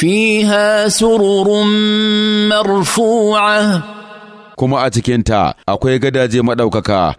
fiha sururun marfu'a kuma a cikinta akwai gadaje maɗaukaka